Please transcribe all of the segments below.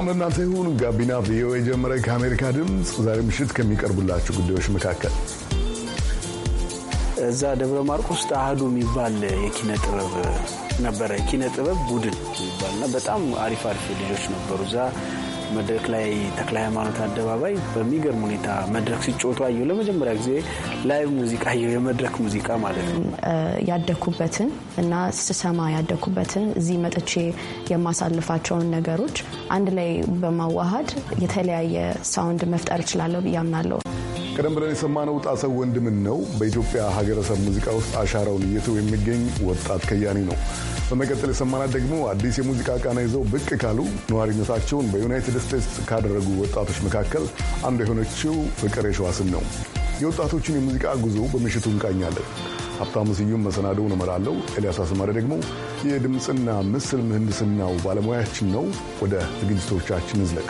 ሰላም ለእናንተ ይሁን። ጋቢና ቪኦኤ ጀመረ። ከአሜሪካ ድምፅ ዛሬ ምሽት ከሚቀርቡላችሁ ጉዳዮች መካከል እዛ ደብረ ማርቆስ ውስጥ አህዱ የሚባል የኪነ ጥበብ ነበረ። የኪነ ጥበብ ቡድን የሚባልና በጣም አሪፍ አሪፍ ልጆች ነበሩ እዛ መድረክ ላይ ተክለ ሃይማኖት አደባባይ በሚገርም ሁኔታ መድረክ ሲጫወቱ አየሁ። ለመጀመሪያ ጊዜ ላይቭ ሙዚቃ አየሁ፣ የመድረክ ሙዚቃ ማለት ነው። ያደግኩበትን እና ስሰማ ያደግኩበትን እዚህ መጥቼ የማሳልፋቸውን ነገሮች አንድ ላይ በማዋሃድ የተለያየ ሳውንድ መፍጠር እችላለሁ ብዬ አምናለሁ። ቀደም ብለን የሰማነው ጣሰው ወንድምን ነው። በኢትዮጵያ ሀገረሰብ ሙዚቃ ውስጥ አሻራውን እየተው የሚገኝ ወጣት ከያኒ ነው። በመቀጠል የሰማናት ደግሞ አዲስ የሙዚቃ ቃና ይዘው ብቅ ካሉ ነዋሪነታቸውን በዩናይትድ ስቴትስ ካደረጉ ወጣቶች መካከል አንዱ የሆነችው ፍቅር የሸዋስን ነው። የወጣቶችን የሙዚቃ ጉዞ በምሽቱ እንቃኛለን። ሀብታሙ ስዩም መሰናደውን እመራለሁ። ኤልያስ አስማሪ ደግሞ የድምፅና ምስል ምህንድስናው ባለሙያችን ነው። ወደ ዝግጅቶቻችን እንዝለቅ።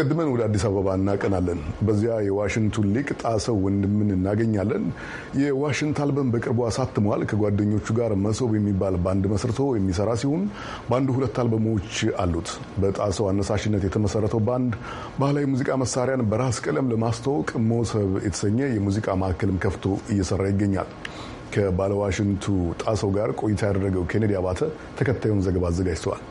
አስቀድመን ወደ አዲስ አበባ እናቀናለን። በዚያ የዋሽንቱን ሊቅ ጣሰው ወንድምን እናገኛለን። የዋሽንት አልበም በቅርቡ አሳትሟል። ከጓደኞቹ ጋር መሶብ የሚባል ባንድ መስርቶ የሚሰራ ሲሆን ባንዱ ሁለት አልበሞች አሉት። በጣሰው አነሳሽነት የተመሰረተው ባንድ ባህላዊ ሙዚቃ መሳሪያን በራስ ቀለም ለማስተዋወቅ መሶብ የተሰኘ የሙዚቃ ማዕከልም ከፍቶ እየሰራ ይገኛል። ከባለዋሽንቱ ጣሰው ጋር ቆይታ ያደረገው ኬኔዲ አባተ ተከታዩን ዘገባ አዘጋጅተዋል።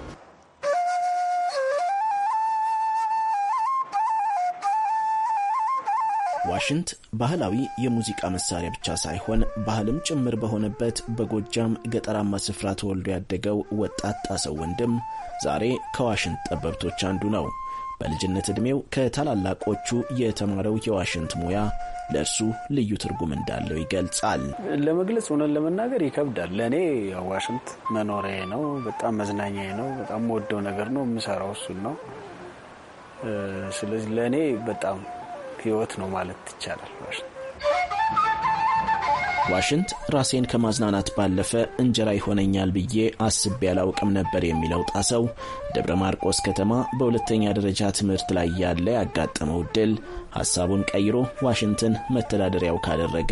ዋሽንት ባህላዊ የሙዚቃ መሳሪያ ብቻ ሳይሆን ባህልም ጭምር በሆነበት በጎጃም ገጠራማ ስፍራ ተወልዶ ያደገው ወጣት ጣሰው ወንድም ዛሬ ከዋሽንት ጠበብቶች አንዱ ነው። በልጅነት ዕድሜው ከታላላቆቹ የተማረው የዋሽንት ሙያ ለእርሱ ልዩ ትርጉም እንዳለው ይገልጻል። ለመግለጽ ሆነን ለመናገር ይከብዳል። ለእኔ ዋሽንት መኖሪያ ነው። በጣም መዝናኛ ነው። በጣም ወደው ነገር ነው። የምሰራው እሱን ነው። ስለዚህ ለእኔ በጣም ህይወት ነው ማለት ይቻላል። ዋሽንት ራሴን ከማዝናናት ባለፈ እንጀራ ይሆነኛል ብዬ አስቤ ያላውቅም ነበር የሚለው ጣሰው ደብረ ማርቆስ ከተማ በሁለተኛ ደረጃ ትምህርት ላይ ያለ ያጋጠመው ድል ሀሳቡን ቀይሮ ዋሽንትን መተዳደሪያው ካደረገ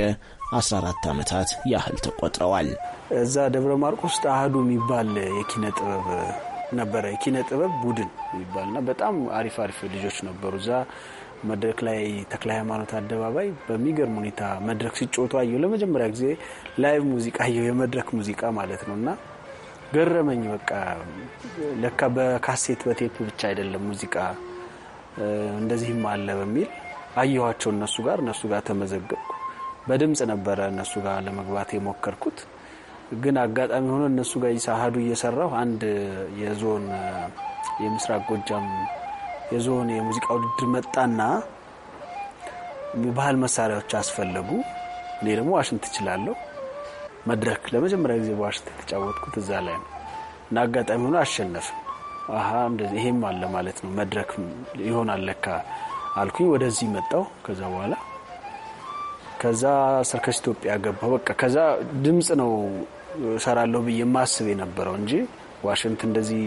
14 ዓመታት ያህል ተቆጥረዋል። እዛ ደብረ ማርቆስ አህዱ የሚባል የኪነ ጥበብ ነበረ። የኪነ ጥበብ ቡድን የሚባልና በጣም አሪፍ አሪፍ ልጆች ነበሩ እዛ መድረክ ላይ ተክለ ሃይማኖት አደባባይ በሚገርም ሁኔታ መድረክ ሲጮቱ አየሁ። ለመጀመሪያ ጊዜ ላይቭ ሙዚቃ አየሁ፣ የመድረክ ሙዚቃ ማለት ነው። እና ገረመኝ። በቃ ለካ በካሴት በቴፕ ብቻ አይደለም ሙዚቃ እንደዚህም አለ በሚል አየኋቸው እነሱ ጋር እነሱ ጋር ተመዘገብኩ። በድምፅ ነበረ እነሱ ጋር ለመግባት የሞከርኩት ግን አጋጣሚ ሆኖ እነሱ ጋር ኢሳሀዱ እየሰራሁ አንድ የዞን የምስራቅ ጎጃም የዞን የሙዚቃ ውድድር መጣና ባህል መሳሪያዎች አስፈለጉ። እኔ ደግሞ ዋሽንት እችላለሁ። መድረክ ለመጀመሪያ ጊዜ በዋሽንት የተጫወትኩት እዛ ላይ ነው እና አጋጣሚ ሆኖ አሸነፍን። ይሄም አለ ማለት ነው መድረክ ይሆናል ለካ አልኩኝ። ወደዚህ መጣው። ከዛ በኋላ ከዛ ሰርከስ ኢትዮጵያ ገባሁ። በቃ ከዛ ድምፅ ነው ሰራለሁ ብዬ ማስብ የነበረው እንጂ ዋሽንት እንደዚህ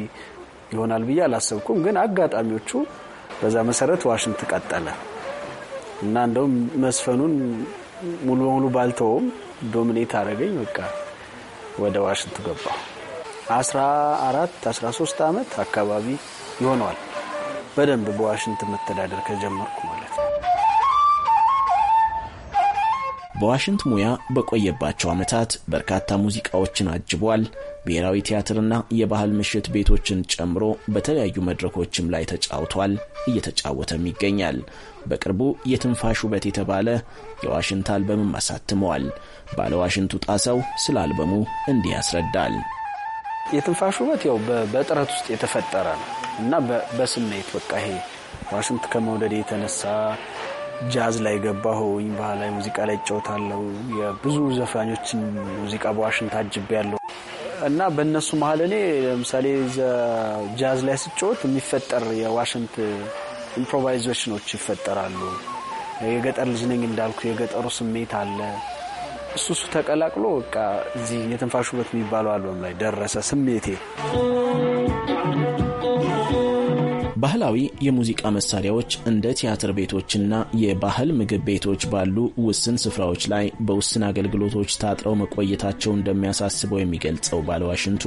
ይሆናል ብዬ አላሰብኩም። ግን አጋጣሚዎቹ በዛ መሰረት ዋሽንት ቀጠለ እና እንደውም መስፈኑን ሙሉ በሙሉ ባልተውም ዶሚኔት አደረገኝ። በቃ ወደ ዋሽንት ገባ። 14 13 ዓመት አካባቢ ይሆነዋል በደንብ በዋሽንት መተዳደር ከጀመርኩ ማለት በዋሽንት ሙያ በቆየባቸው ዓመታት በርካታ ሙዚቃዎችን አጅቧል። ብሔራዊ ቲያትርና የባህል ምሽት ቤቶችን ጨምሮ በተለያዩ መድረኮችም ላይ ተጫውቷል፣ እየተጫወተም ይገኛል። በቅርቡ የትንፋሽ ውበት የተባለ የዋሽንት አልበምም አሳትመዋል። ባለዋሽንቱ ጣሰው ስለ አልበሙ እንዲህ ያስረዳል። የትንፋሽ ውበት ያው በጥረት ውስጥ የተፈጠረ ነው እና በስሜት በቃ ይሄ ዋሽንት ከመውደድ የተነሳ ጃዝ ላይ ገባሁኝ፣ ባህላዊ ሙዚቃ ላይ እጫወታለሁ። የብዙ ዘፋኞችን ሙዚቃ በዋሽንት አጅቤ አጅቤያለሁ እና በእነሱ መሀል እኔ ለምሳሌ ጃዝ ላይ ስጫወት የሚፈጠር የዋሽንት ኢምፕሮቫይዜሽኖች ይፈጠራሉ። የገጠር ልጅ ነኝ እንዳልኩ የገጠሩ ስሜት አለ። እሱ እሱ ተቀላቅሎ በቃ እዚህ የትንፋሽ ውበት የሚባለው አልበም ላይ ደረሰ ስሜቴ ባህላዊ የሙዚቃ መሳሪያዎች እንደ ቲያትር ቤቶችና የባህል ምግብ ቤቶች ባሉ ውስን ስፍራዎች ላይ በውስን አገልግሎቶች ታጥረው መቆየታቸው እንደሚያሳስበው የሚገልጸው ባለዋሽንቱ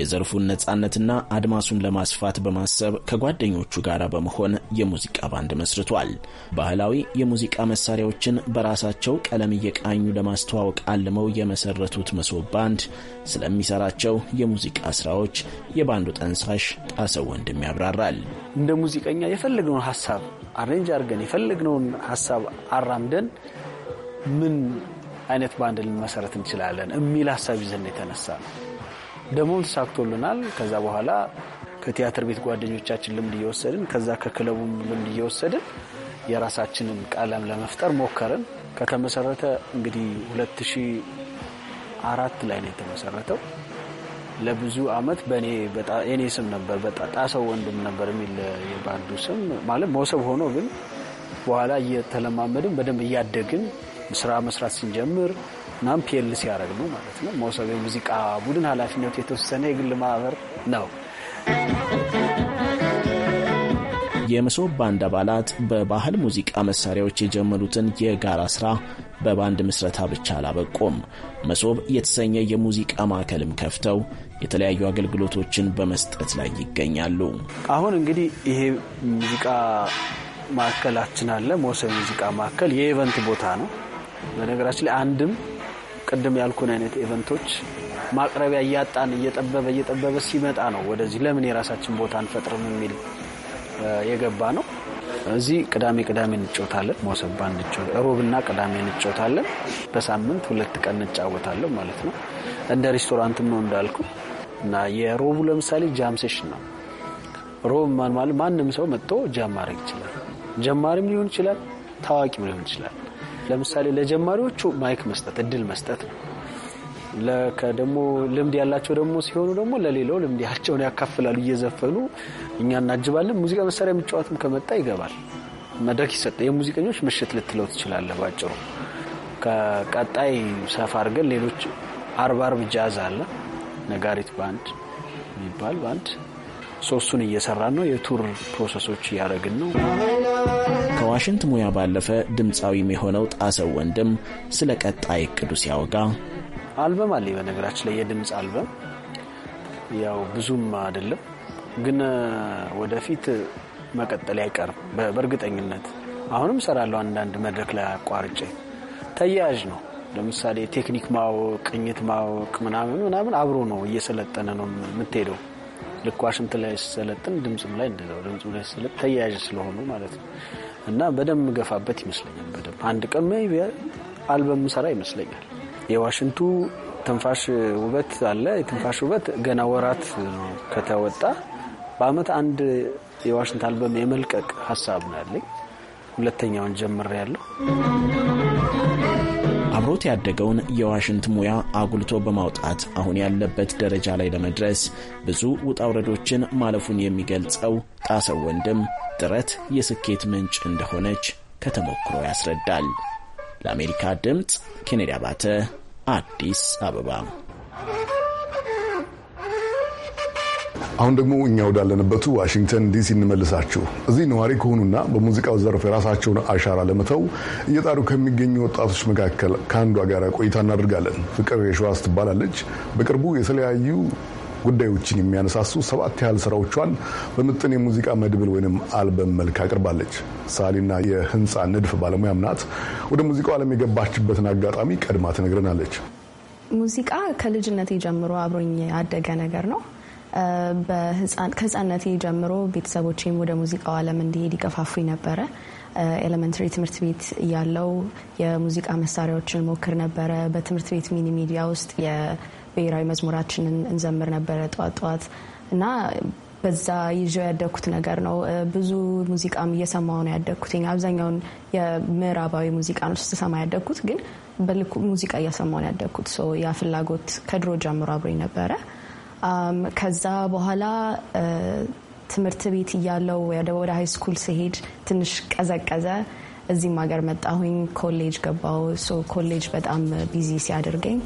የዘርፉን ነጻነትና አድማሱን ለማስፋት በማሰብ ከጓደኞቹ ጋር በመሆን የሙዚቃ ባንድ መስርቷል። ባህላዊ የሙዚቃ መሳሪያዎችን በራሳቸው ቀለም እየቃኙ ለማስተዋወቅ አልመው የመሰረቱት መሶብ ባንድ ስለሚሰራቸው የሙዚቃ ስራዎች የባንዱ ጠንሳሽ ጣሰው ወንድም ያብራራል። እንደ ሙዚቀኛ የፈለግነውን ሀሳብ አሬንጅ አድርገን የፈለግነውን ሀሳብ አራምደን ምን አይነት ባንድ ልንመሰረት እንችላለን የሚል ሀሳብ ይዘን የተነሳ ነው። ደግሞም ተሳክቶልናል። ከዛ በኋላ ከቲያትር ቤት ጓደኞቻችን ልምድ እየወሰድን ከዛ ከክለቡም ልምድ እየወሰድን የራሳችንን ቀለም ለመፍጠር ሞከርን። ከተመሰረተ እንግዲህ 2004 ላይ ነው የተመሰረተው። ለብዙ አመት በእኔ የኔ ስም ነበር። ጣሰው ወንድም ነበር የሚል የባንዱ ስም ማለት መውሰብ ሆኖ ግን በኋላ እየተለማመድን በደንብ እያደግን ስራ መስራት ስንጀምር ናም ፒል ሲያደርግ ነው ማለት ነው። መውሰብ የሙዚቃ ቡድን ኃላፊነቱ የተወሰነ የግል ማህበር ነው። የመሶብ ባንድ አባላት በባህል ሙዚቃ መሳሪያዎች የጀመሩትን የጋራ ስራ በባንድ ምስረታ ብቻ አላበቆም። መሶብ የተሰኘ የሙዚቃ ማዕከልም ከፍተው የተለያዩ አገልግሎቶችን በመስጠት ላይ ይገኛሉ። አሁን እንግዲህ ይሄ ሙዚቃ ማዕከላችን አለ። ሞሰብ ሙዚቃ ማዕከል የኢቨንት ቦታ ነው። በነገራችን ላይ አንድም ቅድም ያልኩን አይነት ኢቨንቶች ማቅረቢያ እያጣን እየጠበበ እየጠበበ ሲመጣ ነው ወደዚህ ለምን የራሳችን ቦታ አንፈጥርም የሚል የገባ ነው። እዚህ ቅዳሜ ቅዳሜ እንጫወታለን። እንጮታለን። ሮብና ቅዳሜ እንጮታለን። በሳምንት ሁለት ቀን እንጫወታለን ማለት ነው። እንደ ሬስቶራንትም ነው እንዳልኩ እና የሮቡ ለምሳሌ ጃም ሴሽን ነው። ሮብ ማለት ማንም ሰው መጥቶ ጃም ማድረግ ይችላል። ጀማሪም ሊሆን ይችላል፣ ታዋቂም ሊሆን ይችላል። ለምሳሌ ለጀማሪዎቹ ማይክ መስጠት፣ እድል መስጠት ነው። ደግሞ ልምድ ያላቸው ደግሞ ሲሆኑ ደግሞ ለሌላው ልምድ ያቸውን ያካፍላሉ እየዘፈኑ እኛ እናጅባለን። ሙዚቃ መሳሪያ የሚጫወትም ከመጣ ይገባል። መድረክ ይሰጠ የሙዚቀኞች ምሽት ልትለው ትችላለ ባጭሩ። ከቀጣይ ሰፋ አድርገን ሌሎች አርባ አርብ ጃዝ አለ ነጋሪት ባንድ የሚባል ባንድ ሶስቱን እየሰራን ነው። የቱር ፕሮሰሶች እያደረግን ነው። ከዋሽንት ሙያ ባለፈ ድምፃዊም የሆነው ጣሰው ወንድም ስለ ቀጣይ እቅዱ ሲያወጋ አልበም አለ። በነገራችን ላይ የድምፅ አልበም ያው ብዙም አይደለም፣ ግን ወደፊት መቀጠል አይቀርም በእርግጠኝነት። አሁንም ሰራለሁ አንዳንድ መድረክ ላይ አቋርጬ ተያያዥ ነው ለምሳሌ ቴክኒክ ማወቅ፣ ቅኝት ማወቅ ምናምን ምናምን አብሮ ነው እየሰለጠነ ነው የምትሄደው። ልክ ዋሽንት ላይ ሲሰለጥን ድምፅም ላይ እንደዛው ድምፅ ላይ ሲሰለጥ ተያያዥ ስለሆኑ ማለት ነው እና በደንብ የምገፋበት ይመስለኛል። በደንብ አንድ ቀን አልበም ሰራ ይመስለኛል። የዋሽንቱ ትንፋሽ ውበት አለ። የትንፋሽ ውበት ገና ወራት ነው ከተወጣ በአመት አንድ የዋሽንት አልበም የመልቀቅ ሀሳብ ነው ያለኝ። ሁለተኛውን ጀምር ያለው። አብሮት ያደገውን የዋሽንት ሙያ አጉልቶ በማውጣት አሁን ያለበት ደረጃ ላይ ለመድረስ ብዙ ውጣውረዶችን ማለፉን የሚገልጸው ጣሰው ወንድም ጥረት የስኬት ምንጭ እንደሆነች ከተሞክሮ ያስረዳል። ለአሜሪካ ድምፅ ኬኔዲ አባተ አዲስ አበባ አሁን ደግሞ እኛ ወዳለንበት ዋሽንግተን ዲሲ እንመልሳችሁ። እዚህ ነዋሪ ከሆኑና በሙዚቃው ዘርፍ የራሳቸውን አሻራ ለመተው እየጣሩ ከሚገኙ ወጣቶች መካከል ከአንዷ ጋር ቆይታ እናደርጋለን። ፍቅር የሸዋስ ትባላለች። በቅርቡ የተለያዩ ጉዳዮችን የሚያነሳሱ ሰባት ያህል ስራዎቿን በምጥን የሙዚቃ መድብል ወይም አልበም መልክ አቅርባለች። ሳሊና የህንፃ ንድፍ ባለሙያም ናት። ወደ ሙዚቃው ዓለም የገባችበትን አጋጣሚ ቀድማ ትነግረናለች። ሙዚቃ ከልጅነት ጀምሮ አብሮኝ ያደገ ነገር ነው። ከህፃንነቴ ጀምሮ ቤተሰቦቼም ወደ ሙዚቃው ዓለም እንዲሄድ ይቀፋፉኝ ነበረ። ኤሌመንተሪ ትምህርት ቤት እያለው የሙዚቃ መሳሪያዎችን ሞክር ነበረ። በትምህርት ቤት ሚኒ ሚዲያ ውስጥ የብሔራዊ መዝሙራችንን እንዘምር ነበረ ጠዋት ጠዋት እና በዛ ይዤው ያደግኩት ነገር ነው። ብዙ ሙዚቃም እየሰማው ነው ያደግኩት። አብዛኛውን የምዕራባዊ ሙዚቃ ነው ስትሰማ ያደግኩት፣ ግን በልኩ ሙዚቃ እያሰማው ነው ያደግኩት። ያ ፍላጎት ከድሮ ጀምሮ አብሮኝ ነበረ። Um, ከዛ በኋላ uh, ትምህርት ቤት እያለው ወደ ሀይ ስኩል ስሄድ ትንሽ ቀዘቀዘ። እዚህም ሀገር መጣሁኝ፣ ኮሌጅ ገባው። ኮሌጅ በጣም ቢዚ ሲያደርገኝ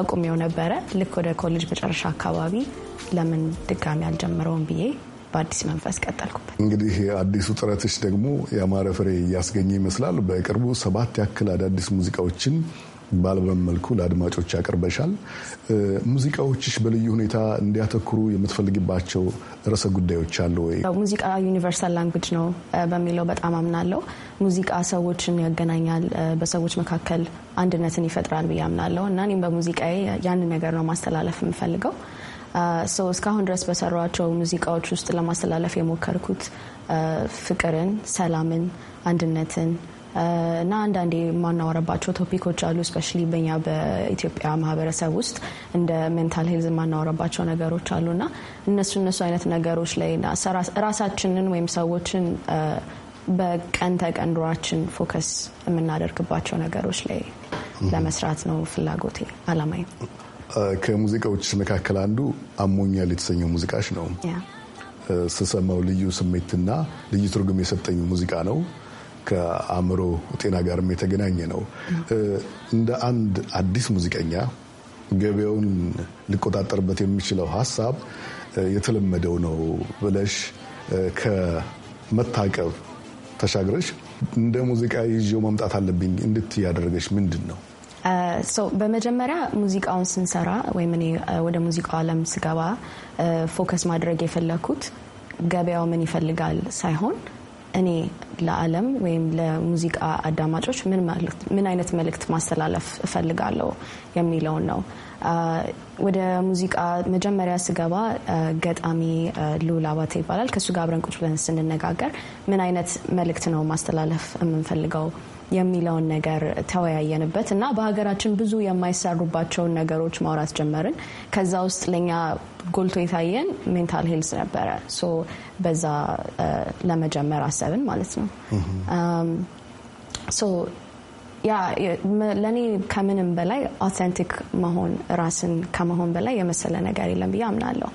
አቁሜው ነበረ። ልክ ወደ ኮሌጅ መጨረሻ አካባቢ ለምን ድጋሚ አልጀምረውም ብዬ በአዲስ መንፈስ ቀጠልኩበት። እንግዲህ አዲሱ ጥረትሽ ደግሞ የአማረ ፍሬ እያስገኘ ይመስላል። በቅርቡ ሰባት ያክል አዳዲስ ሙዚቃዎችን ባልበም መልኩ ለአድማጮች ያቀርበሻል። ሙዚቃዎችሽ በልዩ ሁኔታ እንዲያተኩሩ የምትፈልግባቸው ርዕሰ ጉዳዮች አሉ ወይ? ሙዚቃ ዩኒቨርሳል ላንጉጅ ነው በሚለው በጣም አምናለሁ። ሙዚቃ ሰዎችን ያገናኛል፣ በሰዎች መካከል አንድነትን ይፈጥራል ብዬ አምናለሁ እና እኔም በሙዚቃዬ ያንን ነገር ነው ማስተላለፍ የምፈልገው። እስካሁን ድረስ በሰሯቸው ሙዚቃዎች ውስጥ ለማስተላለፍ የሞከርኩት ፍቅርን፣ ሰላምን፣ አንድነትን እና አንዳንዴ የማናወራባቸው ቶፒኮች አሉ። እስፔሻሊ በኛ በኢትዮጵያ ማህበረሰብ ውስጥ እንደ ሜንታል ሄልዝ የማናወራባቸው ነገሮች አሉና እነሱ እነሱ አይነት ነገሮች ላይ ራሳችንን ወይም ሰዎችን በቀን ተቀን ኑሯችን ፎከስ የምናደርግባቸው ነገሮች ላይ ለመስራት ነው ፍላጎቴ፣ አላማይ። ከሙዚቃዎች መካከል አንዱ አሞኛል የተሰኘው ሙዚቃች ነው። ስሰማው ልዩ ስሜትና ልዩ ትርጉም የሰጠኝ ሙዚቃ ነው። ከአእምሮ ጤና ጋርም የተገናኘ ነው። እንደ አንድ አዲስ ሙዚቀኛ ገበያውን ሊቆጣጠርበት የሚችለው ሀሳብ የተለመደው ነው ብለሽ ከመታቀብ ተሻግረሽ እንደ ሙዚቃ ይዤው መምጣት አለብኝ እንድት ያደረገች ምንድን ነው? በመጀመሪያ ሙዚቃውን ስንሰራ ወይም እኔ ወደ ሙዚቃው ዓለም ስገባ ፎከስ ማድረግ የፈለኩት ገበያው ምን ይፈልጋል ሳይሆን እኔ ለዓለም ወይም ለሙዚቃ አዳማጮች ምን አይነት መልእክት ማስተላለፍ እፈልጋለሁ የሚለውን ነው። ወደ ሙዚቃ መጀመሪያ ስገባ ገጣሚ ልዑል አባተ ይባላል። ከእሱ ጋር አብረን ቁጭ ብለን ስንነጋገር ምን አይነት መልእክት ነው ማስተላለፍ የምንፈልገው የሚለውን ነገር ተወያየንበት እና በሀገራችን ብዙ የማይሰሩባቸውን ነገሮች ማውራት ጀመርን። ከዛ ውስጥ ለኛ ጎልቶ የታየን ሜንታል ሄልስ ነበረ። ሶ በዛ ለመጀመር አሰብን ማለት ነው። ሶ ያ ለእኔ ከምንም በላይ አውተንቲክ መሆን ራስን ከመሆን በላይ የመሰለ ነገር የለም ብዬ አምናለሁ።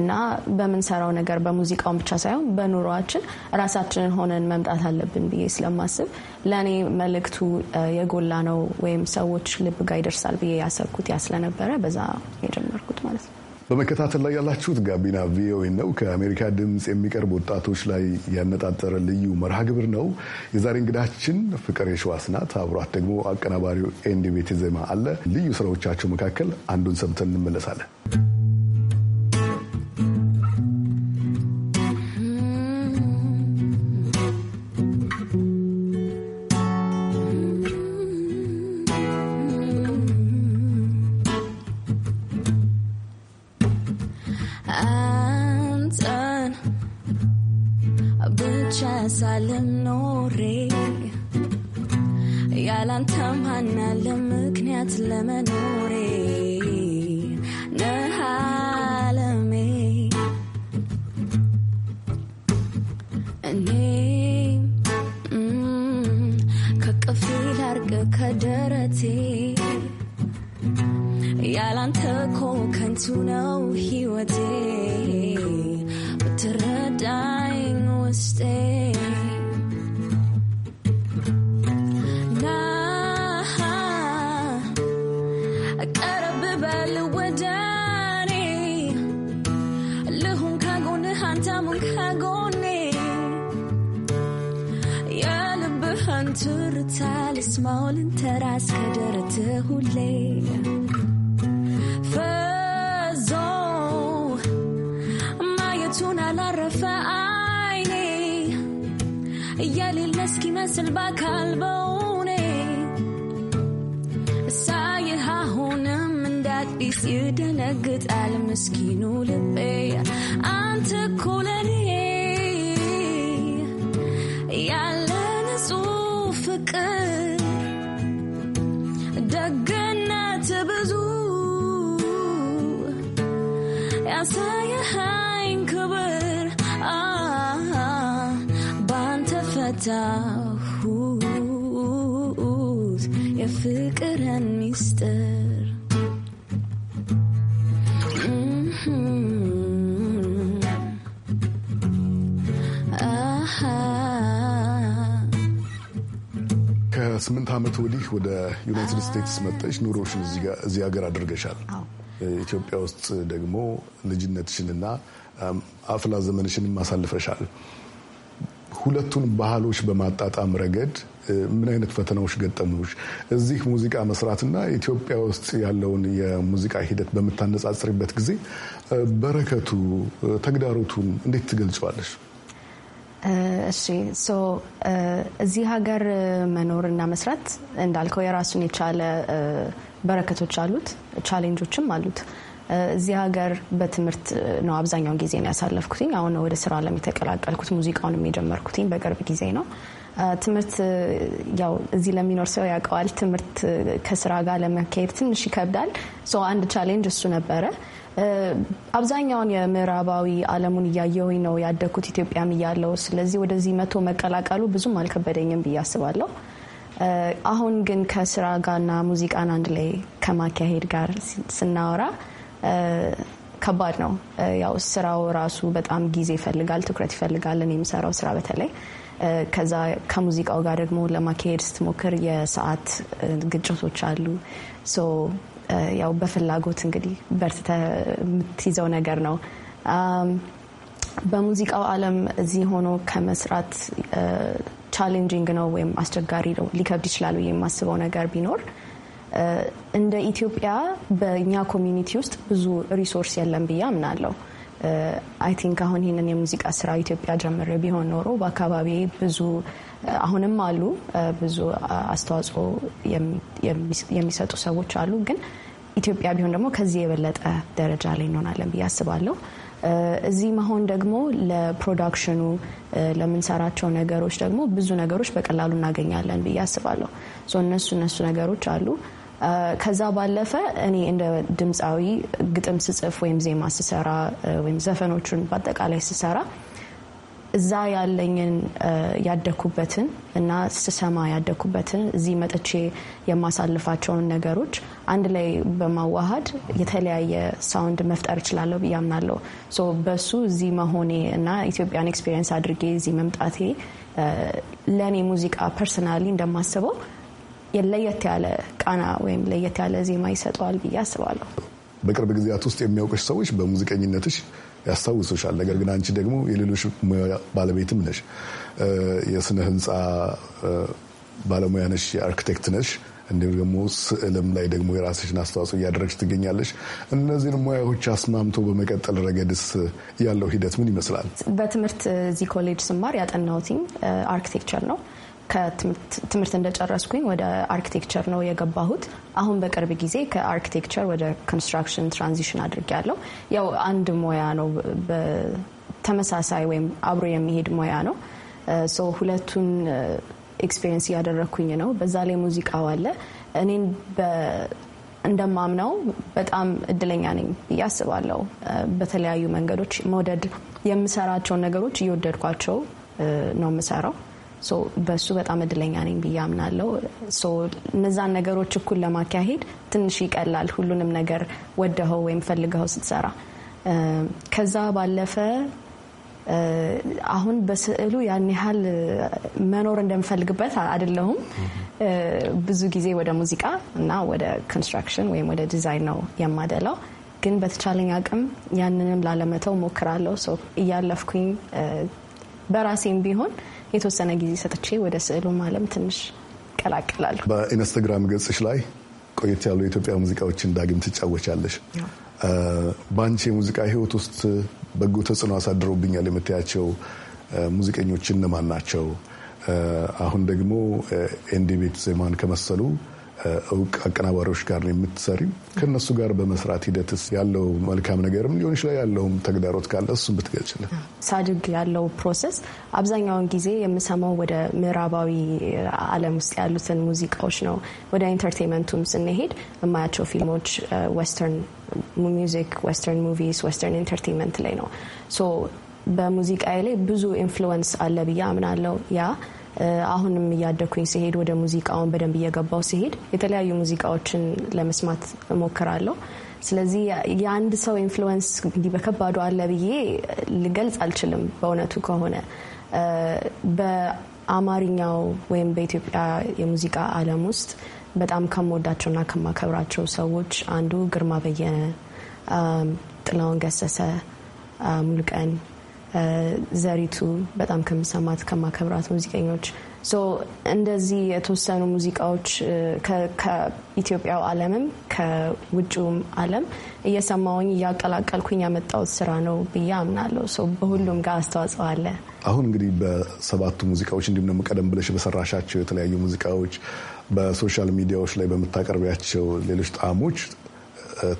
እና በምንሰራው ነገር በሙዚቃውን ብቻ ሳይሆን በኑሯችን ራሳችንን ሆነን መምጣት አለብን ብዬ ስለማስብ ለእኔ መልእክቱ የጎላ ነው ወይም ሰዎች ልብ ጋር ይደርሳል ብዬ ያሰብኩት ያ ስለነበረ በዛ የጀመርኩት ማለት ነው። በመከታተል ላይ ያላችሁት ጋቢና ቪኦኤ ነው። ከአሜሪካ ድምፅ የሚቀርብ ወጣቶች ላይ ያነጣጠረ ልዩ መርሃ ግብር ነው። የዛሬ እንግዳችን ፍቅር የሸዋስ ናት። አብሯት ደግሞ አቀናባሪው ኤንዲ ቤቴ ዜማ አለ። ልዩ ስራዎቻቸው መካከል አንዱን ሰምተን እንመለሳለን። አንተን ብቻ ሳልም ኖሬ ያላንተም ሀናለ ምክንያት ለመኖሬ ከንቱ ነው ሕይወቴ ብትረዳኝ ውስጤ ና ቀረብ በል ወደኔ ልሁን ከጎንህ አንተሙን ከጎኔ የልብህን ትርታ ልስማውልን በአይኔ እየሌለ እስኪመስል በአካል በሆኔ እሳይህ አሁንም እንደ አዲስ ይደነግጣል ምስኪኑ ልቤ አንተ እኮ ለኔ ያለ ንጹህ ፍቅር ደግነት ብዙ ያሳየሃል ዘጋሁት የፍቅርን ሚስጥር ከስምንት ዓመት ወዲህ ወደ ዩናይትድ ስቴትስ መጠሽ ኑሮሽን እዚህ ሀገር አድርገሻል። ኢትዮጵያ ውስጥ ደግሞ ልጅነትሽንና አፍላ ዘመንሽንም አሳልፈሻል። ሁለቱን ባህሎች በማጣጣም ረገድ ምን አይነት ፈተናዎች ገጠሙች እዚህ ሙዚቃ መስራትና ኢትዮጵያ ውስጥ ያለውን የሙዚቃ ሂደት በምታነጻጽርበት ጊዜ በረከቱ፣ ተግዳሮቱን እንዴት ትገልጸዋለች? እሺ እዚህ ሀገር እና መስራት እንዳልከው የራሱን የቻለ በረከቶች አሉት፣ ቻሌንጆችም አሉት። እዚህ ሀገር በትምህርት ነው አብዛኛውን ጊዜ ነው ያሳለፍኩትኝ። አሁን ወደ ስራ አለም የተቀላቀልኩት ሙዚቃውንም የጀመርኩትኝ በቅርብ ጊዜ ነው። ትምህርት ያው እዚህ ለሚኖር ሰው ያውቀዋል። ትምህርት ከስራ ጋር ለመካሄድ ትንሽ ይከብዳል። አንድ ቻሌንጅ እሱ ነበረ። አብዛኛውን የምዕራባዊ ዓለሙን እያየሁኝ ነው ያደግኩት ኢትዮጵያም እያለው። ስለዚህ ወደዚህ መቶ መቀላቀሉ ብዙም አልከበደኝም ብዬ አስባለሁ። አሁን ግን ከስራ ጋርና ሙዚቃን አንድ ላይ ከማካሄድ ጋር ስናወራ ከባድ ነው። ያው ስራው ራሱ በጣም ጊዜ ይፈልጋል፣ ትኩረት ይፈልጋል። እኔ የምሰራው ስራ በተለይ ከዛ ከሙዚቃው ጋር ደግሞ ለማካሄድ ስትሞክር የሰዓት ግጭቶች አሉ። ያው በፍላጎት እንግዲህ በርትተ የምትይዘው ነገር ነው። በሙዚቃው ዓለም እዚህ ሆኖ ከመስራት ቻሌንጂንግ ነው ወይም አስቸጋሪ ነው ሊከብድ ይችላል ብዬ የማስበው ነገር ቢኖር እንደ ኢትዮጵያ በእኛ ኮሚኒቲ ውስጥ ብዙ ሪሶርስ የለም ብዬ አምናለሁ። አይ ቲንክ አሁን ይህንን የሙዚቃ ስራ ኢትዮጵያ ጀምሬ ቢሆን ኖሮ በአካባቢ ብዙ አሁንም አሉ ብዙ አስተዋጽኦ የሚሰጡ ሰዎች አሉ። ግን ኢትዮጵያ ቢሆን ደግሞ ከዚህ የበለጠ ደረጃ ላይ እንሆናለን ብዬ አስባለሁ። እዚህ መሆን ደግሞ ለፕሮዳክሽኑ ለምንሰራቸው ነገሮች ደግሞ ብዙ ነገሮች በቀላሉ እናገኛለን ብዬ አስባለሁ። እነሱ እነሱ ነገሮች አሉ። ከዛ ባለፈ እኔ እንደ ድምፃዊ ግጥም ስጽፍ ወይም ዜማ ስሰራ ወይም ዘፈኖቹን በአጠቃላይ ስሰራ እዛ ያለኝን ያደኩበትን እና ስሰማ ያደኩበትን እዚህ መጥቼ የማሳልፋቸውን ነገሮች አንድ ላይ በማዋሃድ የተለያየ ሳውንድ መፍጠር እችላለሁ ብዬ አምናለሁ። በሱ እዚህ መሆኔ እና ኢትዮጵያን ኤክስፔሪንስ አድርጌ እዚህ መምጣቴ ለእኔ ሙዚቃ ፐርሰናሊ እንደማስበው ለየት ያለ ቃና ወይም ለየት ያለ ዜማ ይሰጠዋል ብዬ አስባለሁ። በቅርብ ጊዜያት ውስጥ የሚያውቀች ሰዎች በሙዚቀኝነትሽ ያስታውሶሻል። ነገር ግን አንቺ ደግሞ የሌሎች ሙያ ባለቤትም ነሽ። የስነ ህንፃ ባለሙያ ነሽ፣ የአርክቴክት ነሽ፣ እንዲሁም ደግሞ ስዕልም ላይ ደግሞ የራስሽን አስተዋጽኦ እያደረግሽ ትገኛለሽ። እነዚህን ሙያዎች አስማምቶ በመቀጠል ረገድስ ያለው ሂደት ምን ይመስላል? በትምህርት እዚህ ኮሌጅ ስማር ያጠናሁትኝ አርክቴክቸር ነው። ከትምህርት እንደጨረስኩኝ ወደ አርኪቴክቸር ነው የገባሁት። አሁን በቅርብ ጊዜ ከአርኪቴክቸር ወደ ኮንስትራክሽን ትራንዚሽን አድርጌያለሁ። ያው አንድ ሙያ ነው፣ ተመሳሳይ ወይም አብሮ የሚሄድ ሙያ ነው። ሶ ሁለቱን ኤክስፔሪንስ እያደረግኩኝ ነው። በዛ ላይ ሙዚቃው አለ። እኔን እንደማምነው በጣም እድለኛ ነኝ ብዬ አስባለሁ። በተለያዩ መንገዶች መውደድ የምሰራቸውን ነገሮች እየወደድኳቸው ነው የምሰራው። በእሱ በጣም እድለኛ ነኝ ብዬ አምናለሁ። እነዛን ነገሮች እኩል ለማካሄድ ትንሽ ይቀላል፣ ሁሉንም ነገር ወደኸው ወይም ፈልገኸው ስትሰራ። ከዛ ባለፈ አሁን በስዕሉ ያን ያህል መኖር እንደምፈልግበት አይደለሁም። ብዙ ጊዜ ወደ ሙዚቃ እና ወደ ኮንስትራክሽን ወይም ወደ ዲዛይን ነው የማደላው። ግን በተቻለኝ አቅም ያንንም ላለመተው ሞክራለሁ እያለፍኩኝ በራሴም ቢሆን የተወሰነ ጊዜ ሰጥቼ ወደ ስዕሉ ዓለም ትንሽ ቀላቅላለሁ። በኢንስታግራም ገጽሽ ላይ ቆየት ያሉ የኢትዮጵያ ሙዚቃዎችን ዳግም ትጫወቻለሽ። በአንቺ የሙዚቃ ህይወት ውስጥ በጎ ተጽዕኖ አሳድሮብኛል የምታያቸው ሙዚቀኞች እነማን ናቸው? አሁን ደግሞ ኤንዲ ቤት ዜማን ከመሰሉ እውቅ አቀናባሪዎች ጋር ነው የምትሰሪ። ከእነሱ ጋር በመስራት ሂደትስ ያለው መልካም ነገርም ሊሆን ይችላል ያለውም ተግዳሮት ካለ እሱም ብትገልጭልን። ሳድግ ያለው ፕሮሰስ አብዛኛውን ጊዜ የምሰማው ወደ ምዕራባዊ ዓለም ውስጥ ያሉትን ሙዚቃዎች ነው። ወደ ኢንተርቴንመንቱም ስንሄድ የማያቸው ፊልሞች ወስተርን ሙዚክ፣ ወስተርን ሙቪስ፣ ወስተርን ኢንተርቴንመንት ላይ ነው። ሶ በሙዚቃዬ ላይ ብዙ ኢንፍሉወንስ አለ ብዬ አምናለው ያ አሁንም እያደኩኝ ሲሄድ ወደ ሙዚቃውን በደንብ እየገባው ሲሄድ የተለያዩ ሙዚቃዎችን ለመስማት እሞክራለሁ። ስለዚህ የአንድ ሰው ኢንፍሉወንስ እንዲህ በከባዱ አለ ብዬ ልገልጽ አልችልም። በእውነቱ ከሆነ በአማርኛው ወይም በኢትዮጵያ የሙዚቃ ዓለም ውስጥ በጣም ከምወዳቸውና ከማከብራቸው ሰዎች አንዱ ግርማ በየነ፣ ጥላውን ገሰሰ፣ ሙሉቀን ዘሪቱ በጣም ከምሰማት ከማከብራት ሙዚቀኞች እንደዚህ የተወሰኑ ሙዚቃዎች ከኢትዮጵያው ዓለምም ከውጭውም ዓለም እየሰማውኝ እያቀላቀልኩኝ ያመጣሁት ስራ ነው ብዬ አምናለሁ። በሁሉም ጋር አስተዋጽኦ አለ። አሁን እንግዲህ በሰባቱ ሙዚቃዎች እንዲሁም ደግሞ ቀደም ብለሽ በሰራሻቸው የተለያዩ ሙዚቃዎች፣ በሶሻል ሚዲያዎች ላይ በምታቀርቢያቸው ሌሎች ጣዕሞች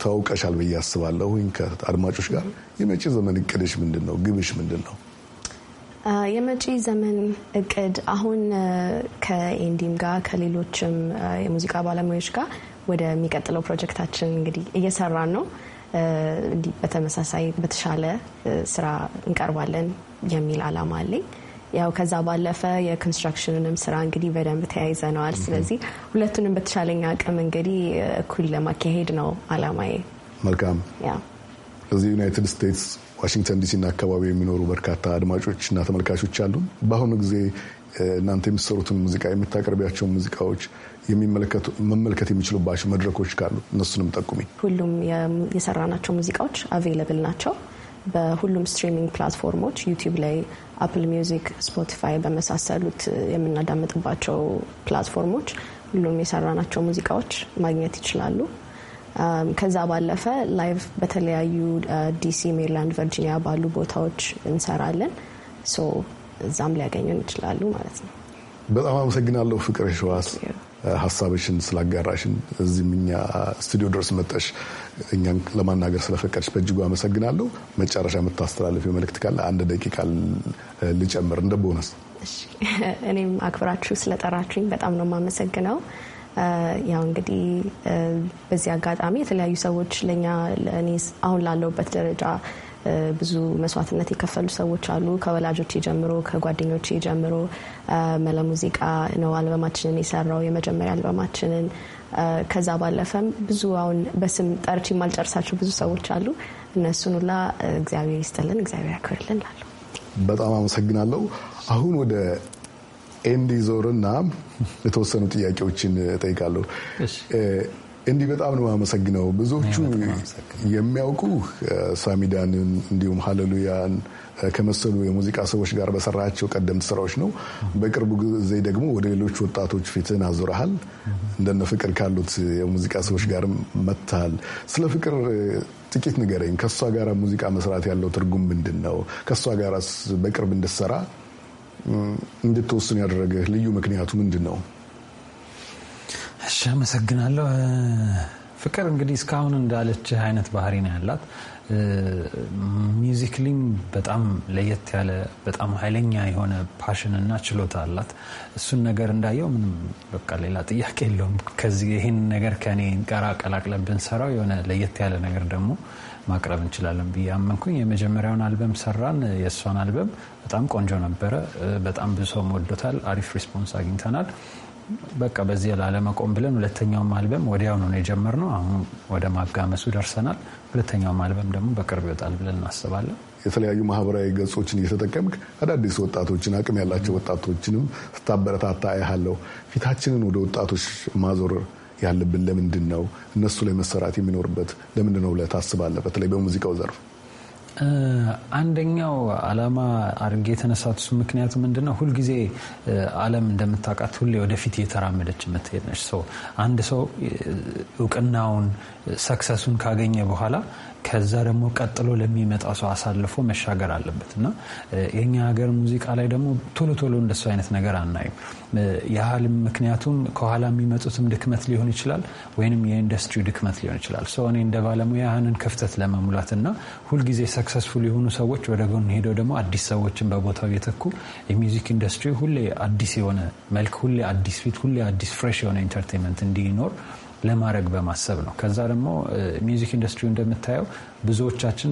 ተዋውቀሻል ብዬ አስባለሁኝ ከአድማጮች ጋር። የመጪ ዘመን እቅድሽ ምንድን ነው? ግብሽ ምንድን ነው? የመጪ ዘመን እቅድ አሁን ከኤንዲም ጋር ከሌሎችም የሙዚቃ ባለሙያዎች ጋር ወደሚቀጥለው ፕሮጀክታችን እንግዲህ እየሰራን ነው። እንዲህ በተመሳሳይ በተሻለ ስራ እንቀርባለን የሚል አላማ አለኝ። ያው ከዛ ባለፈ የኮንስትራክሽንንም ስራ እንግዲህ በደንብ ተያይዘነዋል። ስለዚህ ሁለቱንም በተሻለኛ አቅም እንግዲህ እኩል ለማካሄድ ነው አላማዬ። መልካም። እዚህ ዩናይትድ ስቴትስ ዋሽንግተን ዲሲና አካባቢ የሚኖሩ በርካታ አድማጮች እና ተመልካቾች አሉ። በአሁኑ ጊዜ እናንተ የምትሰሩትን ሙዚቃ የምታቀርቢያቸው ሙዚቃዎች መመልከት የሚችሉባቸው መድረኮች ካሉ እነሱንም ጠቁሚ። ሁሉም የሰራናቸው ሙዚቃዎች አቬይለብል ናቸው። በሁሉም ስትሪሚንግ ፕላትፎርሞች ዩቲዩብ ላይ አፕል ሚውዚክ፣ ስፖቲፋይ በመሳሰሉት የምናዳምጥባቸው ፕላትፎርሞች ሁሉም የሰራናቸው ሙዚቃዎች ማግኘት ይችላሉ። ከዛ ባለፈ ላይቭ በተለያዩ ዲሲ፣ ሜሪላንድ፣ ቨርጂኒያ ባሉ ቦታዎች እንሰራለን። ሶ እዛም ሊያገኙን ይችላሉ ማለት ነው። በጣም አመሰግናለሁ ፍቅር ሸዋስ። ሀሳብሽን ስላጋራሽን እዚህም እኛ ስቱዲዮ ድረስ መጠሽ እኛን ለማናገር ስለፈቀድሽ በእጅጉ አመሰግናለሁ። መጨረሻ የምታስተላልፍ መልእክት ካለ አንድ ደቂቃ ልጨምር እንደ ቦነስ። እኔም አክብራችሁ ስለጠራችሁኝ በጣም ነው የማመሰግነው። ያው እንግዲህ በዚህ አጋጣሚ የተለያዩ ሰዎች ለእኛ አሁን ላለሁበት ደረጃ ብዙ መስዋዕትነት የከፈሉ ሰዎች አሉ። ከወላጆች ጀምሮ፣ ከጓደኞች ጀምሮ መለሙዚቃ ነው አልበማችንን የሰራው የመጀመሪያ አልበማችንን። ከዛ ባለፈም ብዙ አሁን በስም ጠርቼ የማልጨርሳቸው ብዙ ሰዎች አሉ። እነሱን ሁላ እግዚአብሔር ይስጥልን፣ እግዚአብሔር ያክብርልን ላለሁ በጣም አመሰግናለሁ። አሁን ወደ ኤንዲ ዞርና የተወሰኑ ጥያቄዎችን ጠይቃለሁ። እንዲህ በጣም ነው አመሰግነው። ብዙዎቹ የሚያውቁ ሳሚዳንን እንዲሁም ሀለሉያን ከመሰሉ የሙዚቃ ሰዎች ጋር በሰራቸው ቀደምት ስራዎች ነው። በቅርቡ ጊዜ ደግሞ ወደ ሌሎች ወጣቶች ፊትን አዙረሃል። እንደነ ፍቅር ካሉት የሙዚቃ ሰዎች ጋር መጥተሃል። ስለ ፍቅር ጥቂት ንገረኝ። ከእሷ ጋር ሙዚቃ መስራት ያለው ትርጉም ምንድን ነው? ከእሷ ጋር በቅርብ እንድትሰራ እንድትወስን ያደረገህ ልዩ ምክንያቱ ምንድን ነው? እሺ አመሰግናለሁ። ፍቅር እንግዲህ እስካሁን እንዳለች አይነት ባህሪ ነው ያላት። ሚውዚክሊም በጣም ለየት ያለ በጣም ኃይለኛ የሆነ ፓሽን እና ችሎታ አላት። እሱን ነገር እንዳየው ምንም በቃ ሌላ ጥያቄ የለውም። ከዚህ ይህን ነገር ከኔ ጋር አቀላቅለን ብንሰራው የሆነ ለየት ያለ ነገር ደግሞ ማቅረብ እንችላለን ብዬ አመንኩኝ። የመጀመሪያውን አልበም ሰራን። የእሷን አልበም በጣም ቆንጆ ነበረ። በጣም ብዙ ሰውም ወዶታል። አሪፍ ሪስፖንስ አግኝተናል። በቃ በዚህ ላለመቆም ብለን ሁለተኛውም አልበም ወዲያው ነው የጀመርነው። አሁን ወደ ማጋመሱ ደርሰናል። ሁለተኛውም አልበም ደግሞ በቅርብ ይወጣል ብለን እናስባለን። የተለያዩ ማህበራዊ ገጾችን እየተጠቀምክ አዳዲስ ወጣቶችን አቅም ያላቸው ወጣቶችንም ስታበረታታ አያለሁ። ፊታችንን ወደ ወጣቶች ማዞር ያለብን ለምንድን ነው? እነሱ ላይ መሰራት የሚኖርበት ለምንድን ነው ብለህ ታስባለህ? በተለይ በሙዚቃው ዘርፍ አንደኛው አላማ አድርጌ የተነሳት እሱ ምክንያቱ ምንድነው? ሁልጊዜ ዓለም እንደምታውቃት ሁሌ ወደፊት እየተራመደች የምትሄድ ነች። አንድ ሰው እውቅናውን ሰክሰሱን ካገኘ በኋላ ከዛ ደግሞ ቀጥሎ ለሚመጣው ሰው አሳልፎ መሻገር አለበት እና የኛ ሀገር ሙዚቃ ላይ ደግሞ ቶሎ ቶሎ እንደሱ አይነት ነገር አናይም። ያህል ምክንያቱም ከኋላ የሚመጡትም ድክመት ሊሆን ይችላል፣ ወይንም የኢንዱስትሪው ድክመት ሊሆን ይችላል። ሰው እኔ እንደ ባለሙያ ያህንን ክፍተት ለመሙላት እና ሁልጊዜ ሰክሰስፉል የሆኑ ሰዎች ወደ ጎን ሄደው ደግሞ አዲስ ሰዎችን በቦታው የተኩ የሚውዚክ ኢንዱስትሪ ሁሌ አዲስ የሆነ መልክ፣ ሁሌ አዲስ ፊት፣ ሁሌ አዲስ ፍሬሽ የሆነ ኢንተርቴንመንት እንዲኖር ለማድረግ በማሰብ ነው። ከዛ ደግሞ ሚውዚክ ኢንዱስትሪው እንደምታየው ብዙዎቻችን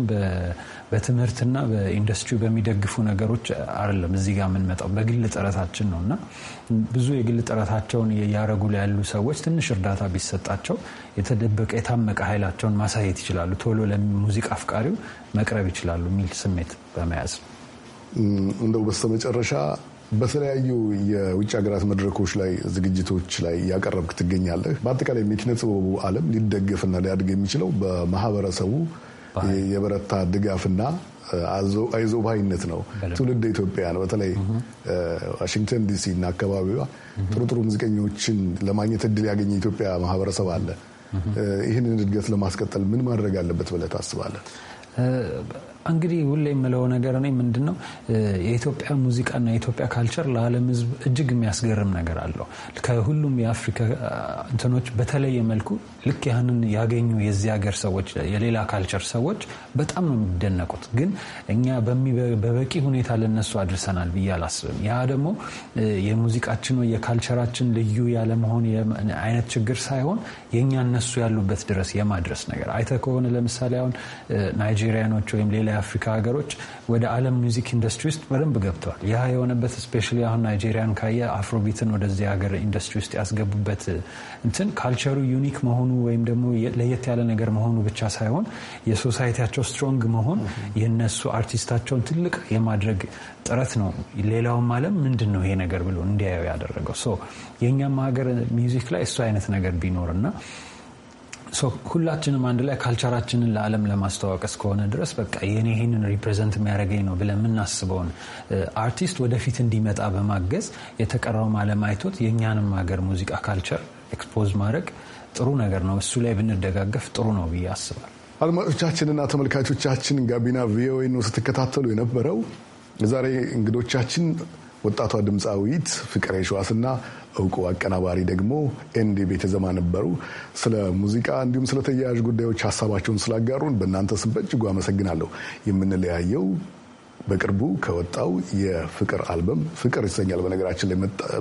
በትምህርትና በኢንዱስትሪ በሚደግፉ ነገሮች አይደለም እዚህ ጋር የምንመጣው በግል ጥረታችን ነው እና ብዙ የግል ጥረታቸውን እያረጉ ያሉ ሰዎች ትንሽ እርዳታ ቢሰጣቸው የተደበቀ የታመቀ ኃይላቸውን ማሳየት ይችላሉ። ቶሎ ለሙዚቃ አፍቃሪው መቅረብ ይችላሉ የሚል ስሜት በመያዝ ነው። እንደው በስተመጨረሻ በተለያዩ የውጭ ሀገራት መድረኮች ላይ ዝግጅቶች ላይ እያቀረብክ ትገኛለህ። በአጠቃላይ የኪነ ጥበቡ ዓለም ሊደገፍና ሊያድግ የሚችለው በማህበረሰቡ የበረታ ድጋፍና ባይነት ነው። ትውልድ ኢትዮጵያውያን በተለይ ዋሽንግተን ዲሲ እና አካባቢዋ ጥሩ ጥሩ ሙዚቀኞችን ለማግኘት እድል ያገኘ ኢትዮጵያ ማህበረሰብ አለ። ይህንን እድገት ለማስቀጠል ምን ማድረግ አለበት ብለህ ታስባለህ? እንግዲህ ሁሌ የምለው ነገር እኔ ምንድን ነው የኢትዮጵያ ሙዚቃና የኢትዮጵያ ካልቸር ለዓለም ሕዝብ እጅግ የሚያስገርም ነገር አለው። ከሁሉም የአፍሪካ እንትኖች በተለየ መልኩ ልክ ያንን ያገኙ የዚህ ሀገር ሰዎች፣ የሌላ ካልቸር ሰዎች በጣም ነው የሚደነቁት። ግን እኛ በበቂ ሁኔታ ለነሱ አድርሰናል ብዬ አላስብም። ያ ደግሞ የሙዚቃችን ወይ የካልቸራችን ልዩ ያለመሆን አይነት ችግር ሳይሆን የእኛ እነሱ ያሉበት ድረስ የማድረስ ነገር አይተ ከሆነ ለምሳሌ አሁን ናይጄሪያኖች ወይም ሌላ በተለይ አፍሪካ ሀገሮች ወደ አለም ሚዚክ ኢንዱስትሪ ውስጥ በደንብ ገብተዋል። ያ የሆነበት ስፔሻሊ አሁን ናይጄሪያን ካየ አፍሮቢትን ወደዚህ ሀገር ኢንዱስትሪ ውስጥ ያስገቡበት እንትን ካልቸሩ ዩኒክ መሆኑ ወይም ደግሞ ለየት ያለ ነገር መሆኑ ብቻ ሳይሆን የሶሳይቲያቸው ስትሮንግ መሆን የነሱ አርቲስታቸውን ትልቅ የማድረግ ጥረት ነው። ሌላውም አለም ምንድን ነው ይሄ ነገር ብሎ እንዲያየው ያደረገው የእኛም ሀገር ሚዚክ ላይ እሱ አይነት ነገር ቢኖርና ሁላችንም አንድ ላይ ካልቸራችንን ለዓለም ለማስተዋወቅ እስከሆነ ድረስ በቃ የኔ ይህንን ሪፕሬዘንት የሚያደርገኝ ነው ብለን የምናስበውን አርቲስት uh, ወደፊት እንዲመጣ በማገዝ የተቀረውም ዓለም አይቶት የእኛንም ሀገር ሙዚቃ ካልቸር ኤክስፖዝ ማድረግ ጥሩ ነገር ነው። እሱ ላይ ብንደጋገፍ ጥሩ ነው ብዬ አስባል። አድማጮቻችንና ተመልካቾቻችን ጋቢና ቪኦኤ ነው ስትከታተሉ የነበረው። የዛሬ እንግዶቻችን ወጣቷ ድምፃዊት ፍቅር የሸዋስና እውቁ አቀናባሪ ደግሞ ኤንዲ ቤተዘማ ነበሩ። ስለ ሙዚቃ እንዲሁም ስለ ተያያዥ ጉዳዮች ሀሳባቸውን ስላጋሩን በእናንተ ስም በእጅጉ አመሰግናለሁ። የምንለያየው በቅርቡ ከወጣው የፍቅር አልበም ፍቅር ይሰኛል በነገራችን ላይ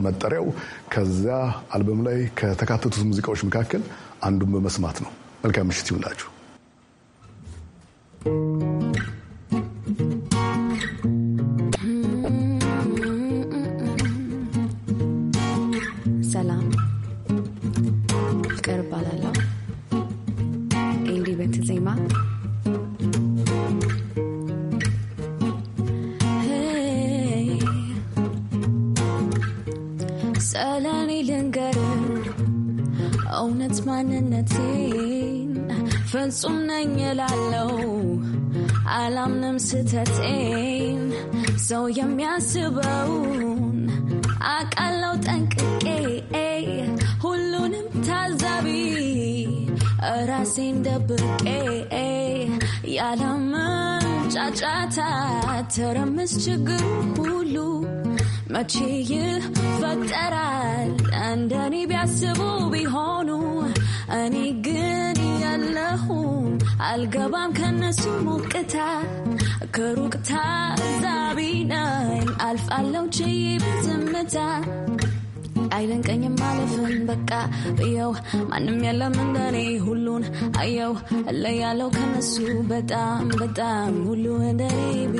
መጠሪያው። ከዚያ አልበም ላይ ከተካተቱት ሙዚቃዎች መካከል አንዱን በመስማት ነው። መልካም ምሽት ይሁንላችሁ። ማንነቴን ፍጹም ነኝ እላለው አላምንም ስተቴን ሰው የሚያስበውን አቃለው ጠንቅቄ ሁሉንም ታዛቢ ራሴን ደብቄ ያለምን ጫጫታ ትርምስ ችግር ሁሉ መቼ ይፈጠራል እንደኔ ቢያስቡ ቢሆኑ እኔ ግን ያለሁ አልገባም ከነሱ ሞቅታ ከሩቅ ታዛቢናይን አልፋለው ችዬ በዝምታ አይደንቀኝም ማለፍን በቃ ብየው ማንም የለም እንደኔ ሁሉን አየው እለያለው ከነሱ በጣም በጣም ሁሉ እንደኔ ቢ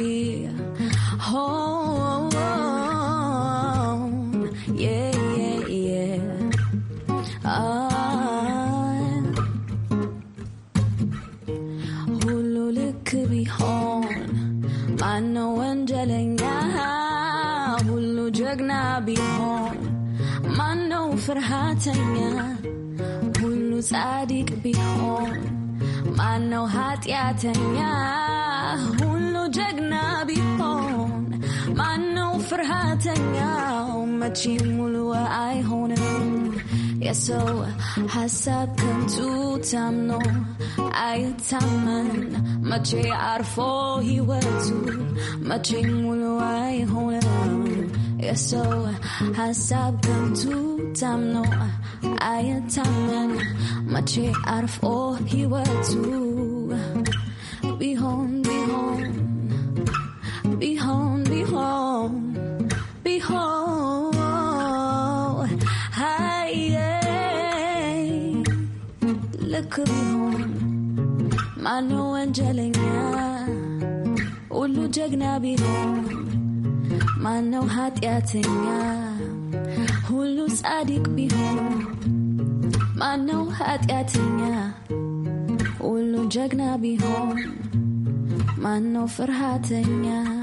ፍርሃተኛ ሁሉ ጻድቅ ቢሆን ማነው ኃጢአተኛ ሁሉ ጀግና ቢሆን ማነው ፍርሃተኛው መቼ ሙሉ አይሆንም የሰው ሐሳብ ከንቱ ታምኖ አይታመን መቼ አርፎ ሕይወቱ መቼ ሙሉ አይሆንም Yeah, so stopped happened two time no ain't time and much out of all he were too Be home, be home Be home, be home Be home Hi yeah Look be home Mano angelina Ulu jagna be home ማነው ኃጢአተኛ ሁሉ ጻድቅ ቢሆን ማነው ኃጢአተኛ ሁሉ ጀግና ቢሆን ማነው ፍርሃተኛ